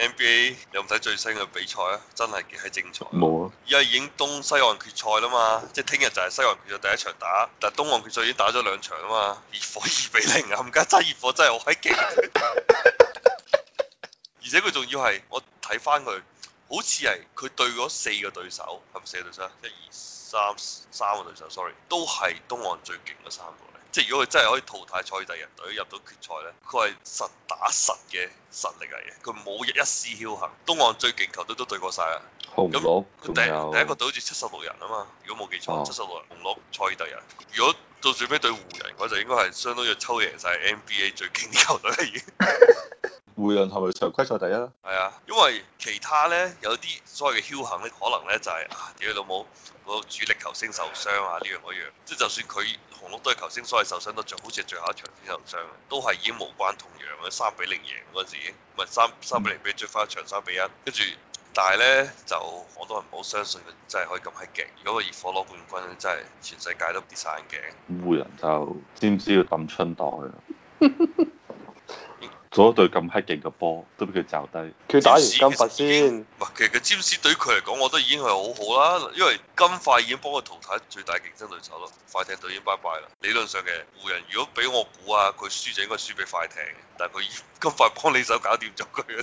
NBA 有唔睇最新嘅比賽啊！真係幾係精彩。冇啊，而家已經東西岸決賽啦嘛，即係聽日就係西岸決賽第一場打，但係東岸決賽已經打咗兩場啊嘛，熱火二比零啊！家真係熱火真係好喺勁， 而且佢仲要係我睇翻佢，好似係佢對嗰四個對手，係咪四個對手啊？一二三三個對手，sorry，都係東岸最勁嗰三個。即係如果佢真係可以淘汰賽爾特人隊入到決賽呢，佢係實打實嘅實力嚟嘅，佢冇一,一絲僥倖。東岸最勁球隊都對過晒啦，咁、嗯嗯、第有第一個隊好似七十六人啊嘛，如果冇記錯，七十六人，鷹賽爾特人。如果到最尾對湖人，我就應該係相當於抽贏晒 NBA 最勁嘅球隊已經。湖人係咪常規賽第一？係啊，因為其他咧有啲所謂嘅僥倖咧，可能咧就係、是、啊，屌你老母、個主力球星受傷啊呢樣嗰樣，即、就、係、是、就算佢紅鹿都係球星所謂，所以受傷都最好似係最後一場先受傷都係已經無關痛癢嘅三比零贏嗰陣，唔係三三零比零比追翻一場三比一，跟住但係咧就好多人唔好相信佢真係可以咁閪勁。如果個熱火攞冠軍真係全世界都跌晒眼鏡。咁湖人就知唔知要抌春袋啊？ 咗對咁閪勁嘅波，都俾佢罩低。佢打完金塊先。其實個占士對佢嚟講，我覺得已經係好好啦。因為金塊已經幫佢淘汰最大競爭對手咯。快艇隊已經拜拜啦。理論上嘅湖人，如果俾我估啊，佢輸就應該輸俾快艇，但係佢金塊幫你手搞掂咗佢。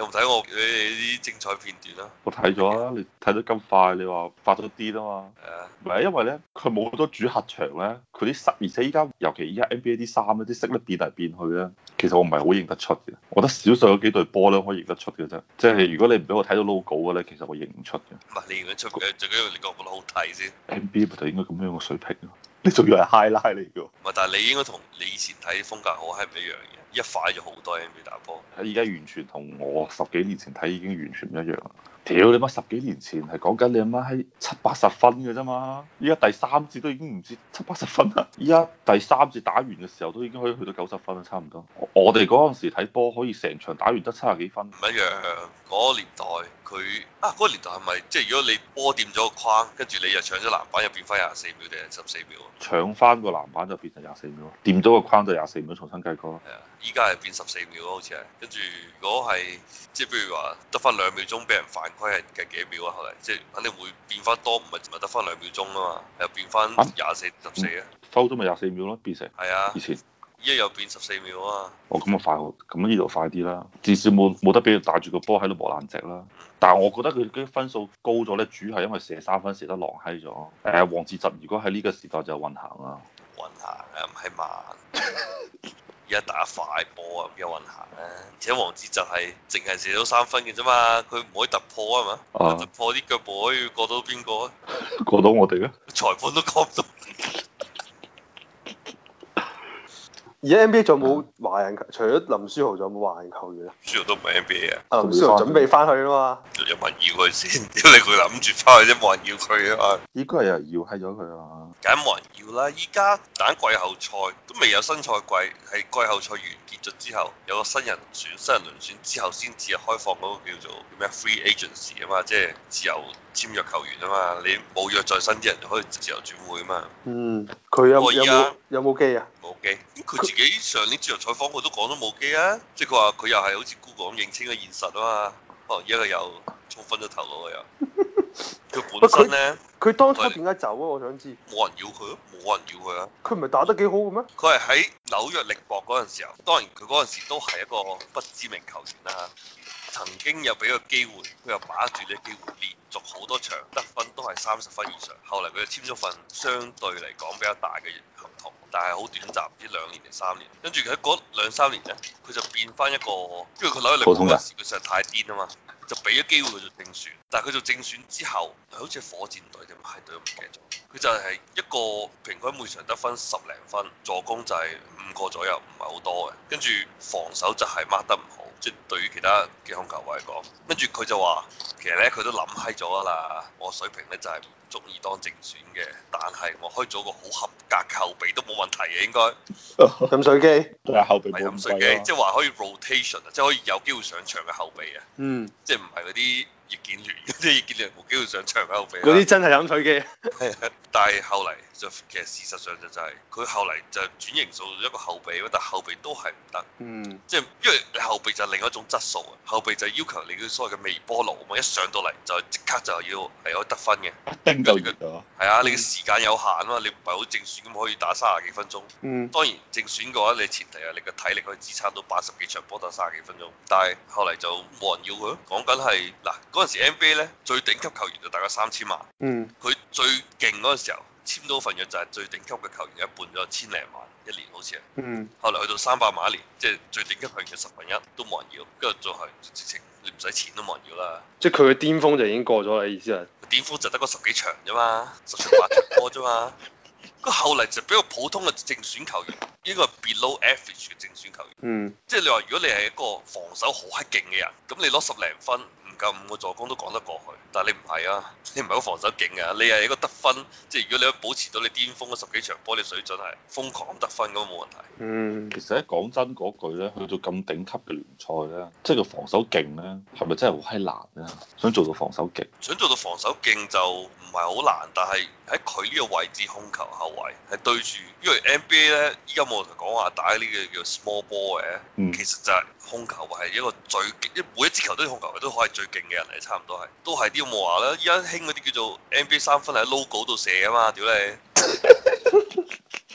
你有冇睇過你啲精彩片段啊？我睇咗啊。你睇得咁快，你話發咗啲啫嘛？係唔係因為咧，佢冇好多主客場咧，佢啲衫，而且依家尤其依家 NBA 啲衫咧，啲色咧變嚟變去咧，其實我唔係好認得出嘅。我覺得少數有幾隊波咧可以認得出嘅啫。即係如果你唔俾我睇到 logo 嘅咧，其實我認唔出嘅。唔係你認得出嘅，最緊要你覺得好睇先。NBA 就應該咁樣嘅水平。你仲要係 high 拉嚟嘅，唔係，但係你應該同你以前睇風格好係唔一樣嘅，一快咗好多 NBA 打波，喺依家完全同我十幾年前睇已經完全唔一樣啦。屌你媽！十幾年前係講緊你阿媽喺七八十分嘅啫嘛，依家第三節都已經唔止七八十分啦，依家第三節打完嘅時候都已經可以去到九十分啦，差唔多。我哋嗰陣時睇波可以成場打完得七十幾分，唔一樣啊。嗰個年代佢啊嗰個年代係咪即係如果你波掂咗個框，跟住你又搶咗籃板，又變翻廿四秒定係十四秒？秒搶翻個籃板就變成廿四秒，掂咗個框就廿四秒，重新計過。係啊，依家係變十四秒咯，好似係。跟住如果係即係譬如話得翻兩秒鐘俾人反。規係嘅幾秒啊？後嚟即係肯定會變翻多，唔係淨係得翻兩秒鐘啊嘛，又變翻廿四十四啊，收咗咪廿四秒咯，變成係啊，以前而家又變十四秒啊。哦，咁啊快好，咁呢度快啲啦，至少冇冇得俾佢帶住個波喺度磨爛隻啦。但係我覺得佢啲分數高咗咧，主要係因為射三分射得狼閪咗。誒、啊，黃志澤如果喺呢個時代就運行啊，運行啊唔係慢。 而家打快波啊，又運行啊，而且王子就係淨係射咗三分嘅啫嘛，佢唔可以突破啊嘛，啊突破啲腳步可以過到邊個啊？過到我哋咧？裁判都過唔到。而家 NBA 仲有冇華人？嗯、除咗林書豪有有，仲有冇華人球員咧？書豪都唔係 NBA 啊，林書豪準備翻去啊嘛。有冇人要佢先？屌你個諗住翻去啫，冇人要佢啊嘛。依家又搖閪咗佢啊嘛。梗冇人要啦！依家等季後賽都未有新賽季，係季後賽完結咗之後，有個新人選、新人輪選之後，先至係開放嗰個叫做咩 Free Agents 啊嘛，即係自由簽約球員啊嘛。你冇約在身啲人就可以自由轉會啊嘛。嗯，佢有冇？有冇機啊？冇機。咁佢自己上年接受採訪，佢都講咗冇機啊。即係佢話佢又係好似 Google 咁認清嘅現實啊嘛。哦，而家佢又沖昏咗頭腦又。佢 本身咧，佢當初點解走啊？我想知。冇人要佢，冇人要佢啊！佢唔係打得幾好嘅咩？佢係喺紐約力搏嗰陣時候，當然佢嗰陣時都係一個不知名球員啦、啊。曾經有俾個機會，佢又把握住呢個機會，連續好多場得分都係三十分以上。後嚟佢就簽咗份相對嚟講比較大嘅合同，但係好短暫，唔知兩年定三年。跟住佢喺嗰兩三年咧，佢就變翻一個，因為佢扭力力唔夠，佢實在太癲啊嘛。就俾咗機會佢做正選，但係佢做正選之後，係好似火箭隊定係隊都唔記得咗。佢就係一個平均每場得分十零分，助攻就係五個左右，唔係好多嘅。跟住防守就係 mark 得唔好，即係對於其他嘅控球位嚟講。跟住佢就話，其實咧佢都諗閪咗啦，我水平咧就係。中意當正選嘅，但係我可以做個好合格後備都冇問題嘅，應該。飲水機。係後備。係飲水機，即係話可以 rotation 啊、嗯，即係可，可以有機會上場嘅後備啊。嗯。即係唔係嗰啲。易建聯即係易建聯冇機會上場喺後備，嗰啲真係飲水機。但係後嚟就其實事實上就就係佢後嚟就轉型做一個後備，但係後備都係唔得。嗯，即係因為你後備就係另一種質素啊，後備就係要求你啲所謂嘅微波爐，我一上到嚟就即刻就要係可以得分嘅、啊。一丁、嗯、啊，你嘅時間有限啊嘛，你唔係好正選咁可以打三十幾分鐘。嗯。當然正選嘅話，你前提係你嘅體力可以支撐到八十幾場波得三十幾分鐘，但係後嚟就冇人要佢，講緊係嗱。嗰陣時 NBA 咧，最頂級球員就大概三千萬，嗯，佢最勁嗰陣時候簽到份約就係最頂級嘅球員一半咗千零萬一年好似啊，嗯，後嚟去到三百萬一年，即係最頂級球員嘅十分一都冇人要，跟住再係直情你唔使錢都冇人要啦，即係佢嘅巔峰就已經過咗啦，你意思係？巔峰就得個十幾場啫嘛，十幾場直播啫嘛，佢 後嚟就比個普通嘅正選球員，應該係 below average 嘅正選球員，嗯，即係你話如果你係一個防守好黑勁嘅人，咁你攞十零分。咁個助攻都講得過去，但係你唔係啊，你唔係個防守勁啊，你係一個得分，即係如果你可以保持到你巔峰嘅十幾場波，你水準係瘋狂得分，咁冇問題。嗯。其實咧講真嗰句咧，去到咁頂級嘅聯賽咧，即係個防守勁咧，係咪真係好閪難啊？想做到防守勁，想做到防守勁就唔係好難，但係喺佢呢個位置控球後衞係對住，因為 NBA 咧依家我哋講話打呢個叫 small ball 嘅、嗯，其實就係控球係一個最，每一支球都控球，都可以。最。勁嘅人嚟，差唔多係，都係啲咁嘅話啦。依家興嗰啲叫做 NBA 三分喺 logo 度射啊嘛，屌你！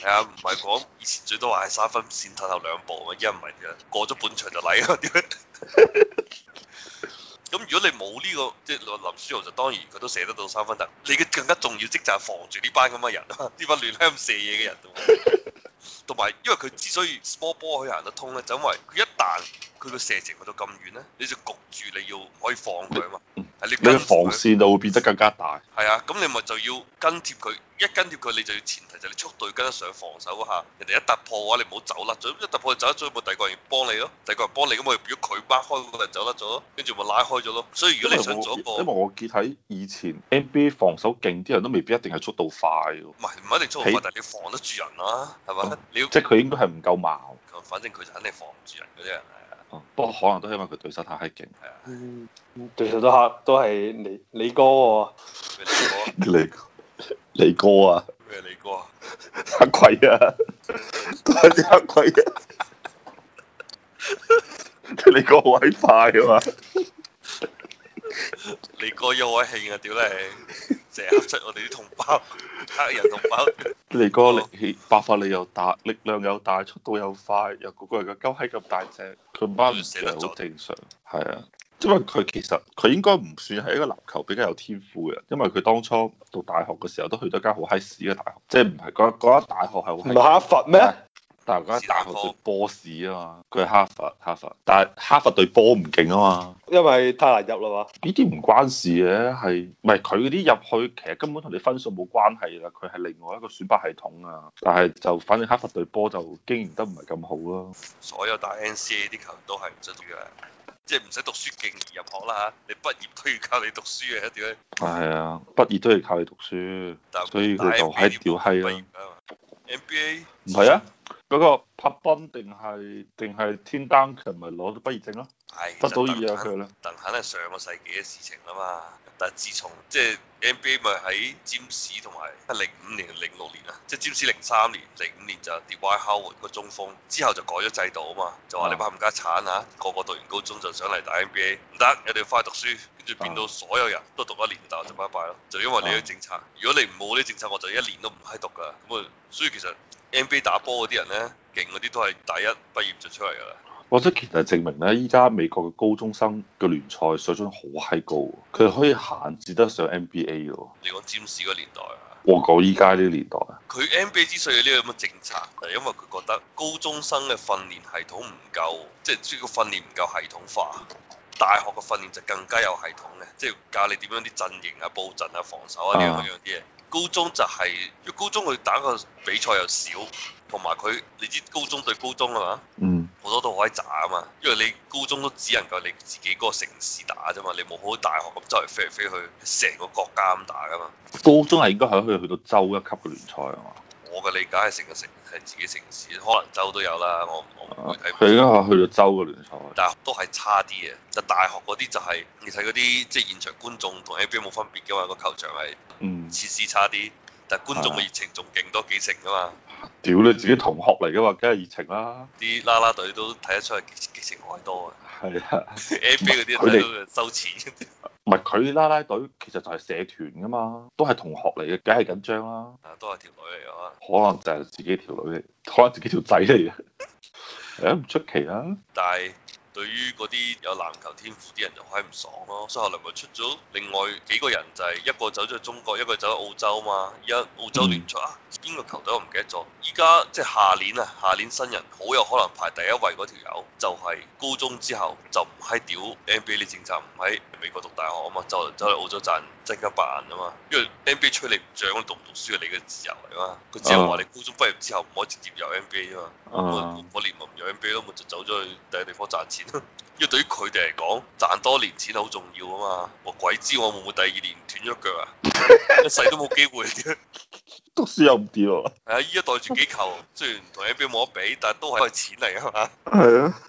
係 啊，唔係講以前最多話係三分線褪後兩步，而家唔係嘅，過咗半場就嚟啦。咁 如果你冇呢、呢個即係林書豪，就當然佢都射得到三分彈。你嘅更加重要職責係防住呢班咁嘅人，呢班亂咁射嘢嘅人。同埋，因為佢之所以 small ball 可以行得通咧，就因為佢一旦。佢個射程去到咁遠咧，你就焗住你要唔可以放佢啊嘛。你個防線就會變得更加大。係啊，咁你咪就要跟貼佢，一跟貼佢，你就要前提就係你速度要跟得上防守嗰、啊、下。人哋一突破嘅、啊、話，你唔好走甩咗。一突破就走甩咗，冇第二個人幫你咯、啊。第二個人幫你咁咪表佢拋開，咁咪走甩咗，跟住咪拉開咗咯、啊。所以如果你想做一個，因為我見喺以前 NBA 防守勁啲人都未必一定係速度快喎。唔係唔一定速度快，起但係你防得住人啦、啊，係嘛？嗯、你、嗯、即係佢應該係唔夠猛。反正佢就肯定防唔住人嗰啲人。不過可能都係因為佢對手太勁，係啊，對手都吓，都係你你哥喎，你哥，你哥啊，咩你哥啊，黑鬼啊，都係啲黑鬼啊，你哥好鬼快啊，你哥又我興啊，屌你！成日黑出我哋啲同胞黑人同胞，你個力氣爆發力又大，力量又大，速度又快，又個個人嘅鳩係咁大隻，佢媽唔死得好正常。係啊，因為佢其實佢應該唔算係一個籃球比較有天賦嘅，因為佢當初讀大學嘅時候都去咗間好閪屎嘅大學，即係唔係嗰間大學係好。唔係阿佛咩？大家大學食波士啊嘛，佢係哈佛，哈佛，但係哈佛對波唔勁啊嘛，因為太難入啦嘛。呢啲唔關事嘅，係唔係佢嗰啲入去其實根本同你分數冇關係啦，佢係另外一個選拔系統啊。但係就反正哈佛對波就經營得唔係咁好咯。所有打 N C A 啲球員都係唔出嘅，即係唔使讀書勁而入學啦嚇，你畢業都要靠你讀書嘅一咧？啊係啊，畢業都要靠你讀書，所以佢就喺吊閪。N B A 唔係啊。嗰個帕賓定係定係天丹強咪攞咗畢業證咯，攞到二啊佢啦。倒鄧肯係呢上個世紀嘅事情啦嘛，但係自從即係 NBA 咪喺詹士同埋零五年零六年啊，即係詹士零三年零五年就跌 Howard 個中鋒，之後就改咗制度啊嘛，就話你唔好咁冚家鏟，是的 個個讀完高中就上嚟打 NBA，唔得，你哋要快讀書，跟住變到所有人都讀一年大學是的 就拜拜咯，就因為你啲政策。如果你唔冇啲政策，我就一年都唔喺讀噶，咁啊，所以其實。NBA 打波嗰啲人咧，勁嗰啲都係大一畢業就出嚟噶啦。或者其實證明咧，依家美國嘅高中生嘅聯賽水準好係高，佢可以限制得上 NBA 喎。你講詹士嗰年代啊？我講依家呢年代啊。佢 NBA、嗯、之所以呢個咁嘅政策，係因為佢覺得高中生嘅訓練系統唔夠，即係即要個訓練唔夠系統化。大學嘅訓練就更加有系統嘅，即係教你點樣啲陣型啊、佈陣啊、防守啊呢樣樣啲嘢。啊。高中就係、是，因為高中佢打嘅比賽又少，同埋佢你知高中對高中啊嘛，好多都可以渣啊嘛，因為你高中都只能夠你自己個城市打啫嘛，你冇好似大學咁周圍飛嚟飛去，成個國家咁打噶嘛。高中係應該係可以去到州一級嘅聯賽啊嘛。我嘅理解係成個城係自己城市，可能州都有啦。我我唔會睇。佢而家話去到州嘅聯賽，但係都係差啲嘅、就係。就大學嗰啲就係你睇嗰啲，即係現場觀眾同 NBA 冇分別嘅嘛。個球場係，設施差啲，嗯、但係觀眾嘅熱情仲勁多幾成㗎嘛。屌你，自己同學嚟嘅嘛，梗係熱情啦。啲啦啦隊都睇得出係激情愛多的 啊。係啊 NBA 嗰啲佢收錢。唔係佢拉拉隊，其實就係社團噶嘛，都係同學嚟嘅，梗係緊張啦。啊，都係條女嚟嘅，可能就係自己條女，嚟、 哎，可能自己條仔嚟嘅，誒唔出奇啦。但係。對於嗰啲有籃球天賦啲人就開唔爽咯、啊，所以後來咪出咗另外幾個人，就係一個走咗去中國，一個走去澳洲嘛。而家澳洲聯賽啊，啊，邊個球隊我唔記得咗。依家即係下年啊，下年新人好有可能排第一位嗰條友，就係高中之後就唔喺屌 NBA 啲政策，唔喺美國讀大學啊嘛，就走去澳洲賺真金白銀啊嘛。因為 NBA 出嚟獎讀唔讀書係你嘅自由嚟啊嘛。佢只係話你高中畢業之後唔可以直接入 NBA 啊嘛。我連冇入 NBA 咯，咪就走咗去第一地方賺錢。 因為對於佢哋嚟講，賺多年錢好重要啊嘛！我鬼知我會唔會第二年斷咗腳啊？ 一世都冇機會，讀書又唔掂喎。係啊，依家袋住幾球，雖然同 NBA 冇得比，但都係錢嚟啊嘛。係啊。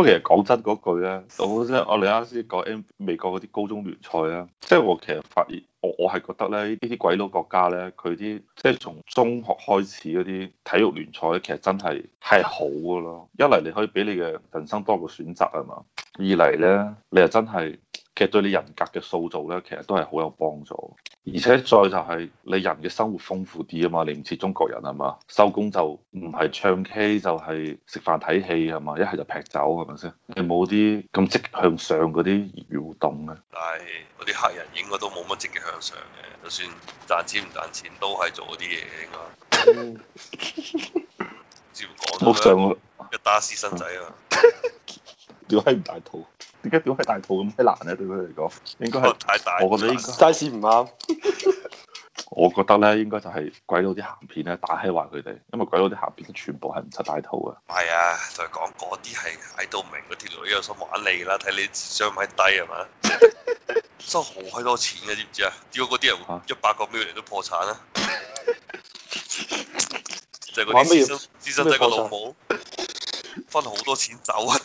不過其實講真嗰句咧，我真我哋啱先講 M 美國嗰啲高中聯賽咧，即係我其實發現，我我係覺得咧呢啲鬼佬國家咧，佢啲即係從中學開始嗰啲體育聯賽，其實真係係好噶咯。一嚟你可以俾你嘅人生多個選擇啊嘛。二嚟咧，你又真係。其實對你人格嘅塑造咧，其實都係好有幫助。而且再就係你人嘅生活豐富啲啊嘛，你唔似中國人啊嘛，收工就唔係唱 K 就係食飯睇戲係嘛，一係就劈酒係咪先？你冇啲咁積極向上嗰啲搖動嘅。但係，嗰啲客人應該都冇乜積極向上嘅，就算賺錢唔賺錢都係做嗰啲嘢應該。 嗯、照講。好上嘅。一打獅身仔啊屌閪唔大肚。點解屌佢大肚咁閪難咧？對佢嚟講，應該係太大，我覺得齋市唔啱。我覺得咧、啊，應該就係鬼佬啲鹹片咧打欺壞佢哋，因為鬼佬啲鹹片全部係唔出大肚啊。係啊，就係講嗰啲係喺度明嗰啲女有心玩你啦，睇你智商係低係嘛？收好閪多錢嘅，知唔知啊？屌嗰啲人一百個 million 都破產啊！就係嗰啲資資生仔個老母，分好多錢走啊！